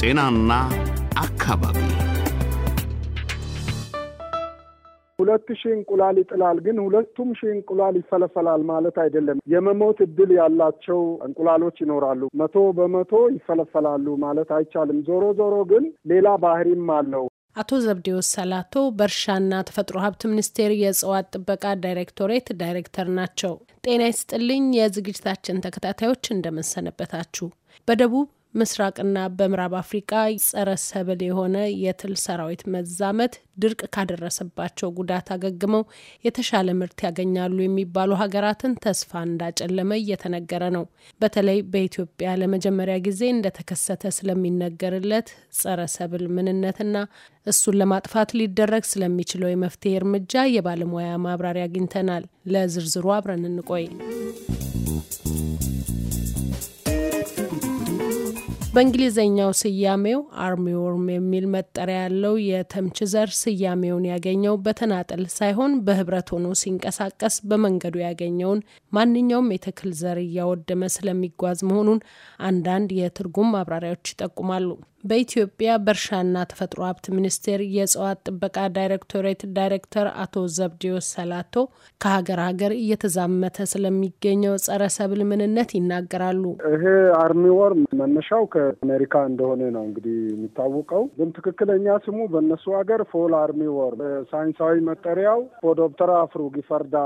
ጤናና አካባቢ ሁለት ሺህ እንቁላል ይጥላል፣ ግን ሁለቱም ሺህ እንቁላል ይፈለፈላል ማለት አይደለም። የመሞት እድል ያላቸው እንቁላሎች ይኖራሉ። መቶ በመቶ ይፈለፈላሉ ማለት አይቻልም። ዞሮ ዞሮ ግን ሌላ ባህሪም አለው። አቶ ዘብዴዎስ ሰላቶ በእርሻና ተፈጥሮ ሀብት ሚኒስቴር የእጽዋት ጥበቃ ዳይሬክቶሬት ዳይሬክተር ናቸው። ጤና ይስጥልኝ የዝግጅታችን ተከታታዮች እንደምንሰነበታችሁ። በደቡብ ምስራቅና በምዕራብ አፍሪቃ ጸረ ሰብል የሆነ የትል ሰራዊት መዛመት ድርቅ ካደረሰባቸው ጉዳት አገግመው የተሻለ ምርት ያገኛሉ የሚባሉ ሀገራትን ተስፋ እንዳጨለመ እየተነገረ ነው። በተለይ በኢትዮጵያ ለመጀመሪያ ጊዜ እንደተከሰተ ስለሚነገርለት ጸረ ሰብል ምንነትና እሱን ለማጥፋት ሊደረግ ስለሚችለው የመፍትሄ እርምጃ የባለሙያ ማብራሪያ አግኝተናል። ለዝርዝሩ አብረን እንቆይ። በእንግሊዝኛው ስያሜው አርሚወርም የሚል መጠሪያ ያለው የተምች ዘር ስያሜውን ያገኘው በተናጠል ሳይሆን በህብረት ሆኖ ሲንቀሳቀስ በመንገዱ ያገኘውን ማንኛውም የተክል ዘር እያወደመ ስለሚጓዝ መሆኑን አንዳንድ የትርጉም ማብራሪያዎች ይጠቁማሉ። በኢትዮጵያ በእርሻና ተፈጥሮ ሀብት ሚኒስቴር የእጽዋት ጥበቃ ዳይሬክቶሬት ዳይሬክተር አቶ ዘብዴዎስ ሰላቶ ከሀገር ሀገር እየተዛመተ ስለሚገኘው ጸረ ሰብል ምንነት ይናገራሉ። ይሄ አርሚ ወርም መነሻው ከአሜሪካ እንደሆነ ነው እንግዲህ የሚታወቀው፣ ግን ትክክለኛ ስሙ በእነሱ ሀገር ፎል አርሚ ወርም፣ ሳይንሳዊ መጠሪያው ፖዶፕተራ ፍሩጊፈርዳ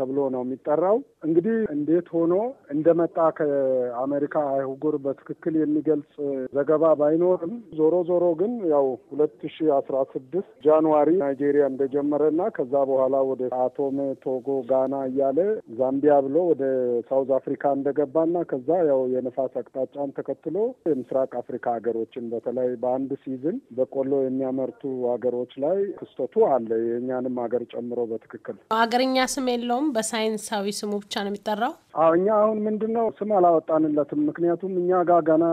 ተብሎ ነው የሚጠራው። እንግዲህ እንዴት ሆኖ እንደመጣ ከአሜሪካ አህጉር በትክክል የሚገልጽ ዘገባ ባይኖር አላውቅም። ዞሮ ዞሮ ግን ያው ሁለት ሺ አስራ ስድስት ጃንዋሪ ናይጄሪያ እንደጀመረና ከዛ በኋላ ወደ አቶሜ፣ ቶጎ፣ ጋና እያለ ዛምቢያ ብሎ ወደ ሳውዝ አፍሪካ እንደገባና ከዛ ያው የንፋስ አቅጣጫን ተከትሎ የምስራቅ አፍሪካ ሀገሮችን በተለይ በአንድ ሲዝን በቆሎ የሚያመርቱ ሀገሮች ላይ ክስተቱ አለ። የእኛንም ሀገር ጨምሮ በትክክል ሀገርኛ ስም የለውም፣ በሳይንሳዊ ስሙ ብቻ ነው የሚጠራው። አዎ እኛ አሁን ምንድን ነው ስም አላወጣንለትም። ምክንያቱም እኛ ጋር ገና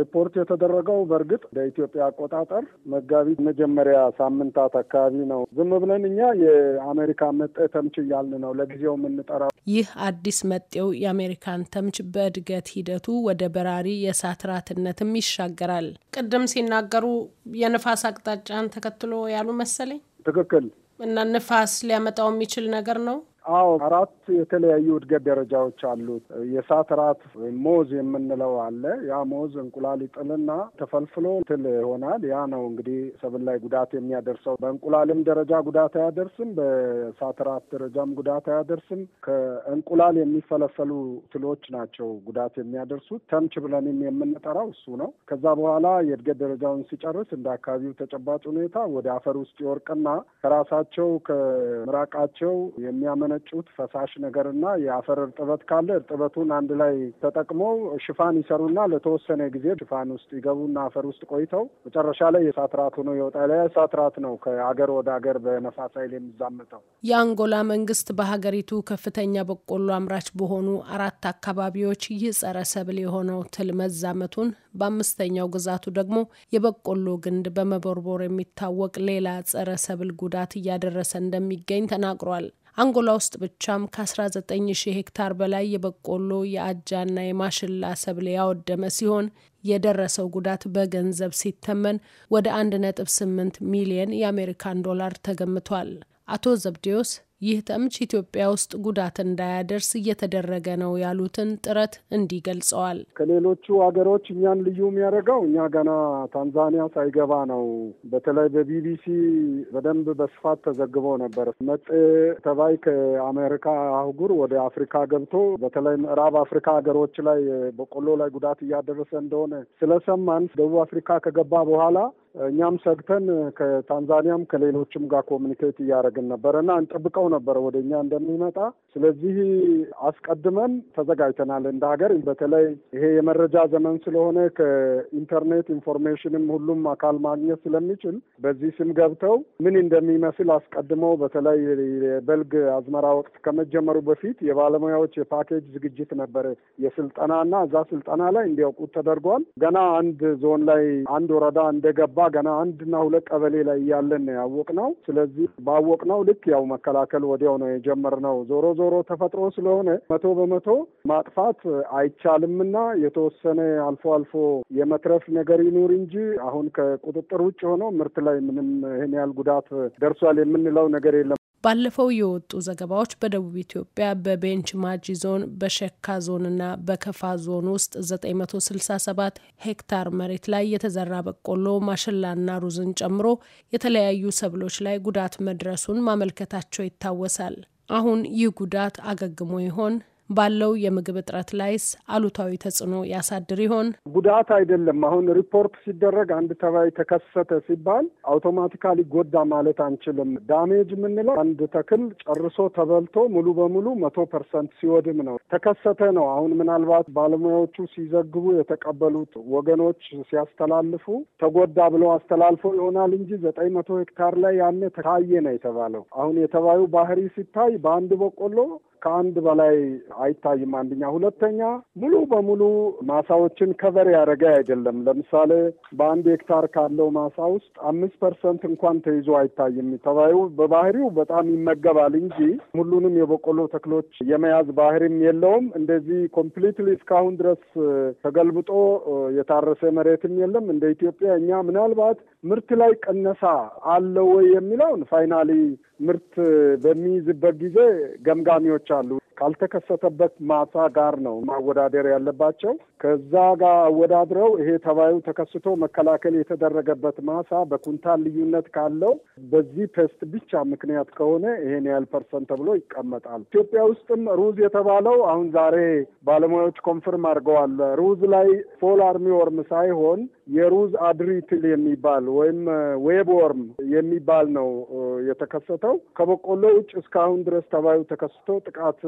ሪፖርት የተደረገው በእርግጥ በኢትዮጵያ አቆጣጠር መጋቢት መጀመሪያ ሳምንታት አካባቢ ነው። ዝም ብለን እኛ የአሜሪካ መጤ ተምች እያልን ነው ለጊዜው የምንጠራው። ይህ አዲስ መጤው የአሜሪካን ተምች በእድገት ሂደቱ ወደ በራሪ የሳትራትነትም ይሻገራል። ቅድም ሲናገሩ የንፋስ አቅጣጫን ተከትሎ ያሉ መሰለኝ። ትክክል እና ንፋስ ሊያመጣው የሚችል ነገር ነው አዎ አራት የተለያዩ እድገት ደረጃዎች አሉት። የሳት ራት ወይም ሞዝ የምንለው አለ። ያ ሞዝ እንቁላል ይጥልና ተፈልፍሎ ትል ይሆናል። ያ ነው እንግዲህ ሰብል ላይ ጉዳት የሚያደርሰው። በእንቁላልም ደረጃ ጉዳት አያደርስም፣ በሳት ራት ደረጃም ጉዳት አያደርስም። ከእንቁላል የሚፈለፈሉ ትሎች ናቸው ጉዳት የሚያደርሱት። ተምች ብለንም የምንጠራው እሱ ነው። ከዛ በኋላ የእድገት ደረጃውን ሲጨርስ እንደ አካባቢው ተጨባጭ ሁኔታ ወደ አፈር ውስጥ ይወርቅና ከራሳቸው ከምራቃቸው የሚያመነ የሚረጩት ፈሳሽ ነገርና የአፈር እርጥበት ካለ እርጥበቱን አንድ ላይ ተጠቅመው ሽፋን ይሰሩና ለተወሰነ ጊዜ ሽፋን ውስጥ ይገቡና አፈር ውስጥ ቆይተው መጨረሻ ላይ የሳትራት ሆኖ ይወጣል። ያ ሳትራት ነው ከአገር ወደ አገር በነፋስ ኃይል የሚዛመተው። የአንጎላ መንግስት በሀገሪቱ ከፍተኛ በቆሎ አምራች በሆኑ አራት አካባቢዎች ይህ ጸረ ሰብል የሆነው ትል መዛመቱን በአምስተኛው ግዛቱ ደግሞ የበቆሎ ግንድ በመቦርቦር የሚታወቅ ሌላ ጸረ ሰብል ጉዳት እያደረሰ እንደሚገኝ ተናግሯል። አንጎላ ውስጥ ብቻም ከ19 ሺህ ሄክታር በላይ የበቆሎ የአጃና የማሽላ ሰብል ያወደመ ሲሆን የደረሰው ጉዳት በገንዘብ ሲተመን ወደ 1.8 ሚሊየን የአሜሪካን ዶላር ተገምቷል። አቶ ዘብዴዎስ ይህ ተምች ኢትዮጵያ ውስጥ ጉዳት እንዳያደርስ እየተደረገ ነው ያሉትን ጥረት እንዲህ ገልጸዋል። ከሌሎቹ ሀገሮች እኛን ልዩ የሚያደርገው እኛ ገና ታንዛኒያ ሳይገባ ነው። በተለይ በቢቢሲ በደንብ በስፋት ተዘግቦ ነበር። መጤ ተባይ ከአሜሪካ አህጉር ወደ አፍሪካ ገብቶ በተለይ ምዕራብ አፍሪካ ሀገሮች ላይ በቆሎ ላይ ጉዳት እያደረሰ እንደሆነ ስለሰማን ደቡብ አፍሪካ ከገባ በኋላ እኛም ሰግተን ከታንዛኒያም ከሌሎችም ጋር ኮሚኒኬት እያደረግን ነበረ እና እንጠብቀው ነበረ ወደ እኛ እንደሚመጣ። ስለዚህ አስቀድመን ተዘጋጅተናል እንደ ሀገር። በተለይ ይሄ የመረጃ ዘመን ስለሆነ ከኢንተርኔት ኢንፎርሜሽንም ሁሉም አካል ማግኘት ስለሚችል በዚህ ስም ገብተው ምን እንደሚመስል አስቀድመው በተለይ የበልግ አዝመራ ወቅት ከመጀመሩ በፊት የባለሙያዎች የፓኬጅ ዝግጅት ነበረ የስልጠና እና እዛ ስልጠና ላይ እንዲያውቁት ተደርጓል። ገና አንድ ዞን ላይ አንድ ወረዳ እንደገባ ገና አንድና ሁለት ቀበሌ ላይ እያለን ነው ያወቅነው። ስለዚህ ባወቅነው ልክ ያው መከላከል ወዲያው ነው የጀመርነው። ዞሮ ዞሮ ተፈጥሮ ስለሆነ መቶ በመቶ ማጥፋት አይቻልምና የተወሰነ አልፎ አልፎ የመትረፍ ነገር ይኑር እንጂ አሁን ከቁጥጥር ውጭ ሆኖ ምርት ላይ ምንም ይህን ያህል ጉዳት ደርሷል የምንለው ነገር የለም። ባለፈው የወጡ ዘገባዎች በደቡብ ኢትዮጵያ በቤንች ማጂ ዞን በሸካ ዞንና በከፋ ዞን ውስጥ 967 ሄክታር መሬት ላይ የተዘራ በቆሎ፣ ማሽላና ሩዝን ጨምሮ የተለያዩ ሰብሎች ላይ ጉዳት መድረሱን ማመልከታቸው ይታወሳል። አሁን ይህ ጉዳት አገግሞ ይሆን? ባለው የምግብ እጥረት ላይስ አሉታዊ ተጽዕኖ ያሳድር ይሆን? ጉዳት አይደለም። አሁን ሪፖርት ሲደረግ አንድ ተባይ ተከሰተ ሲባል አውቶማቲካሊ ጎዳ ማለት አንችልም። ዳሜጅ የምንለው አንድ ተክል ጨርሶ ተበልቶ ሙሉ በሙሉ መቶ ፐርሰንት ሲወድም ነው። ተከሰተ ነው። አሁን ምናልባት ባለሙያዎቹ ሲዘግቡ የተቀበሉት ወገኖች ሲያስተላልፉ ተጎዳ ብለው አስተላልፎ ይሆናል እንጂ ዘጠኝ መቶ ሄክታር ላይ ያኔ ታየ ነው የተባለው። አሁን የተባዩ ባህሪ ሲታይ በአንድ በቆሎ ከአንድ በላይ አይታይም። አንደኛ፣ ሁለተኛ ሙሉ በሙሉ ማሳዎችን ከቨር ያደረገ አይደለም። ለምሳሌ በአንድ ሄክታር ካለው ማሳ ውስጥ አምስት ፐርሰንት እንኳን ተይዞ አይታይም። ተባዩ በባህሪው በጣም ይመገባል እንጂ ሁሉንም የበቆሎ ተክሎች የመያዝ ባህሪም የለውም። እንደዚህ ኮምፕሊትሊ እስካሁን ድረስ ተገልብጦ የታረሰ መሬትም የለም። እንደ ኢትዮጵያ እኛ ምናልባት ምርት ላይ ቅነሳ አለው ወይ የሚለውን ፋይናሊ ምርት በሚይዝበት ጊዜ ገምጋሚዎች አሉ። ካልተከሰተበት ማሳ ጋር ነው ማወዳደር ያለባቸው። ከዛ ጋር አወዳድረው ይሄ ተባዩ ተከስቶ መከላከል የተደረገበት ማሳ በኩንታል ልዩነት ካለው በዚህ ፔስት ብቻ ምክንያት ከሆነ ይሄን ያህል ፐርሰንት ተብሎ ይቀመጣል። ኢትዮጵያ ውስጥም ሩዝ የተባለው አሁን ዛሬ ባለሙያዎች ኮንፍርም አድርገዋል። ሩዝ ላይ ፎል አርሚ ወርም ሳይሆን የሩዝ አድሪትል የሚባል ወይም ዌብ ወርም የሚባል ነው የተከሰተው። ከበቆሎ ውጭ እስካሁን ድረስ ተባዩ ተከስቶ ጥቃት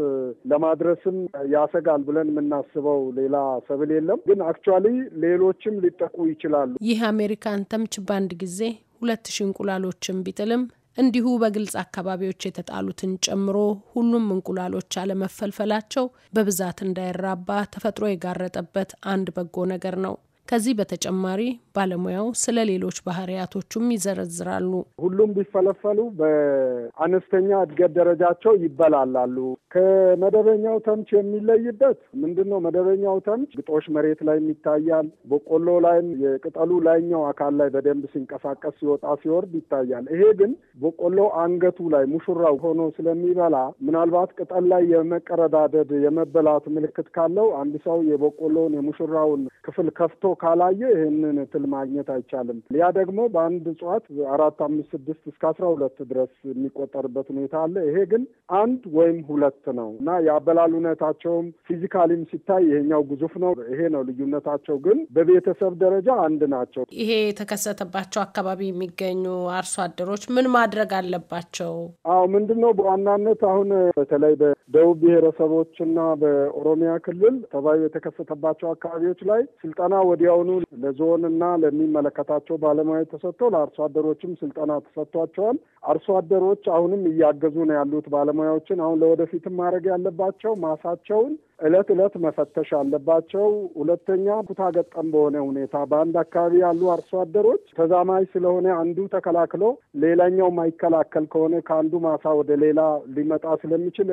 ለማድረስም ያሰጋል ብለን የምናስበው ሌላ ሰብል የለም። ግን አክቹዋሊ ሌሎችም ሊጠቁ ይችላሉ። ይህ አሜሪካን ተምች በአንድ ጊዜ ሁለት ሺ እንቁላሎችን ቢጥልም እንዲሁ በግልጽ አካባቢዎች የተጣሉትን ጨምሮ ሁሉም እንቁላሎች አለመፈልፈላቸው በብዛት እንዳይራባ ተፈጥሮ የጋረጠበት አንድ በጎ ነገር ነው። ከዚህ በተጨማሪ ባለሙያው ስለ ሌሎች ባህሪያቶቹም ይዘረዝራሉ። ሁሉም ቢፈለፈሉ በአነስተኛ እድገት ደረጃቸው ይበላላሉ። ከመደበኛው ተምች የሚለይበት ምንድን ነው? መደበኛው ተምች ግጦሽ መሬት ላይም ይታያል። በቆሎ ላይም የቅጠሉ ላይኛው አካል ላይ በደንብ ሲንቀሳቀስ ሲወጣ ሲወርድ ይታያል። ይሄ ግን በቆሎ አንገቱ ላይ ሙሽራው ሆኖ ስለሚበላ ምናልባት ቅጠል ላይ የመቀረዳደድ የመበላት ምልክት ካለው አንድ ሰው የበቆሎውን የሙሽራውን ክፍል ከፍቶ ካላየ ይህንን ትል ማግኘት አይቻልም። ያ ደግሞ በአንድ እጽዋት አራት፣ አምስት፣ ስድስት እስከ አስራ ሁለት ድረስ የሚቆጠርበት ሁኔታ አለ። ይሄ ግን አንድ ወይም ሁለት ወቅት ነው እና የአበላል እውነታቸውም ፊዚካሊም ሲታይ ይሄኛው ግዙፍ ነው። ይሄ ነው ልዩነታቸው። ግን በቤተሰብ ደረጃ አንድ ናቸው። ይሄ የተከሰተባቸው አካባቢ የሚገኙ አርሶ አደሮች ምን ማድረግ አለባቸው? አዎ ምንድን ነው በዋናነት አሁን በተለይ ደቡብ ብሔረሰቦችና በኦሮሚያ ክልል ተባዩ የተከሰተባቸው አካባቢዎች ላይ ስልጠና ወዲያውኑ ለዞን እና ለሚመለከታቸው ባለሙያዎች ተሰጥቶ ለአርሶ አደሮችም ስልጠና ተሰጥቷቸዋል። አርሶ አደሮች አሁንም እያገዙ ነው ያሉት ባለሙያዎችን። አሁን ለወደፊትም ማድረግ ያለባቸው ማሳቸውን እለት እለት መፈተሽ አለባቸው። ሁለተኛ ኩታ ገጠም በሆነ ሁኔታ በአንድ አካባቢ ያሉ አርሶ አደሮች ተዛማጅ ስለሆነ አንዱ ተከላክሎ ሌላኛው ማይከላከል ከሆነ ከአንዱ ማሳ ወደ ሌላ ሊመጣ ስለሚችል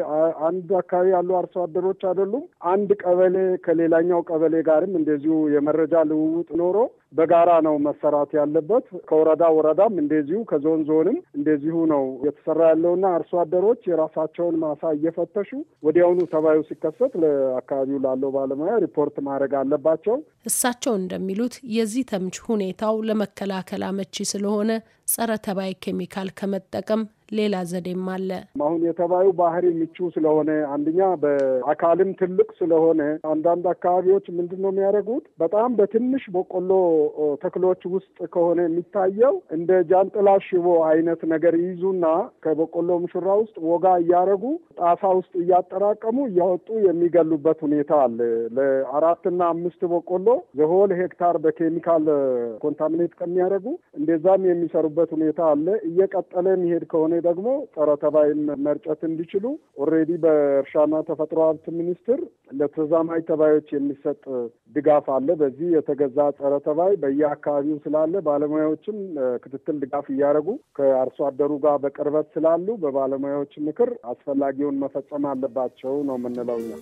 አንዱ አካባቢ ያሉ አርሶ አደሮች አይደሉም። አንድ ቀበሌ ከሌላኛው ቀበሌ ጋርም እንደዚሁ የመረጃ ልውውጥ ኖሮ በጋራ ነው መሰራት ያለበት። ከወረዳ ወረዳም እንደዚሁ ከዞን ዞንም እንደዚሁ ነው የተሰራ ያለውና አርሶ አደሮች የራሳቸውን ማሳ እየፈተሹ ወዲያውኑ ተባዩ ሲከሰት ለአካባቢው ላለው ባለሙያ ሪፖርት ማድረግ አለባቸው። እሳቸው እንደሚሉት የዚህ ተምች ሁኔታው ለመከላከል አመቺ ስለሆነ ጸረ ተባይ ኬሚካል ከመጠቀም ሌላ ዘዴም አለ። አሁን የተባዩ ባህሪ ምቹ ስለሆነ አንደኛ በአካልም ትልቅ ስለሆነ አንዳንድ አካባቢዎች ምንድን ነው የሚያደርጉት በጣም በትንሽ በቆሎ ተክሎች ውስጥ ከሆነ የሚታየው እንደ ጃንጥላ ሽቦ አይነት ነገር ይይዙና ከበቆሎ ሙሽራ ውስጥ ወጋ እያደረጉ ጣሳ ውስጥ እያጠራቀሙ እያወጡ የሚገሉበት ሁኔታ አለ። ለአራትና አምስት በቆሎ ዘሆል ሄክታር በኬሚካል ኮንታሚኔት ከሚያደርጉ እንደዛም የሚሰሩ የሚሄድበት ሁኔታ አለ። እየቀጠለ የሚሄድ ከሆነ ደግሞ ጸረ ተባይን መርጨት እንዲችሉ ኦልሬዲ በእርሻና ተፈጥሮ ሀብት ሚኒስቴር ለተዛማጅ ተባዮች የሚሰጥ ድጋፍ አለ። በዚህ የተገዛ ጸረ ተባይ በየአካባቢው ስላለ ባለሙያዎችም ክትትል ድጋፍ እያደረጉ ከአርሶ አደሩ ጋር በቅርበት ስላሉ በባለሙያዎች ምክር አስፈላጊውን መፈጸም አለባቸው ነው የምንለው እኛ።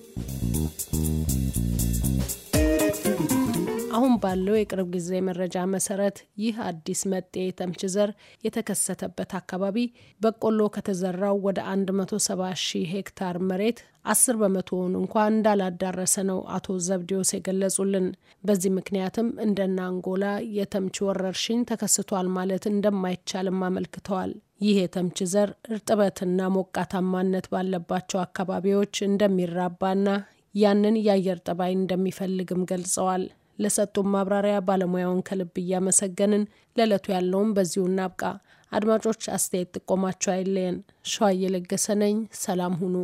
አሁን ባለው የቅርብ ጊዜ መረጃ መሰረት ይህ አዲስ መጤ የተምች ዘር የተከሰተበት አካባቢ በቆሎ ከተዘራው ወደ 170 ሺህ ሄክታር መሬት አስር በመቶውን እንኳ እንዳላዳረሰ ነው አቶ ዘብዲዮስ የገለጹልን። በዚህ ምክንያትም እንደና አንጎላ የተምች ወረርሽኝ ተከስቷል ማለት እንደማይቻልም አመልክተዋል። ይህ የተምች ዘር እርጥበትና ሞቃታማነት ባለባቸው አካባቢዎች እንደሚራባና ያንን የአየር ጠባይ እንደሚፈልግም ገልጸዋል። ለሰጡን ማብራሪያ ባለሙያውን ከልብ እያመሰገንን ለዕለቱ ያለውን በዚሁ እናብቃ። አድማጮች አስተያየት ጥቆማቸው አይለየን። ሸዋ እየለገሰ ነኝ። ሰላም ሁኑ።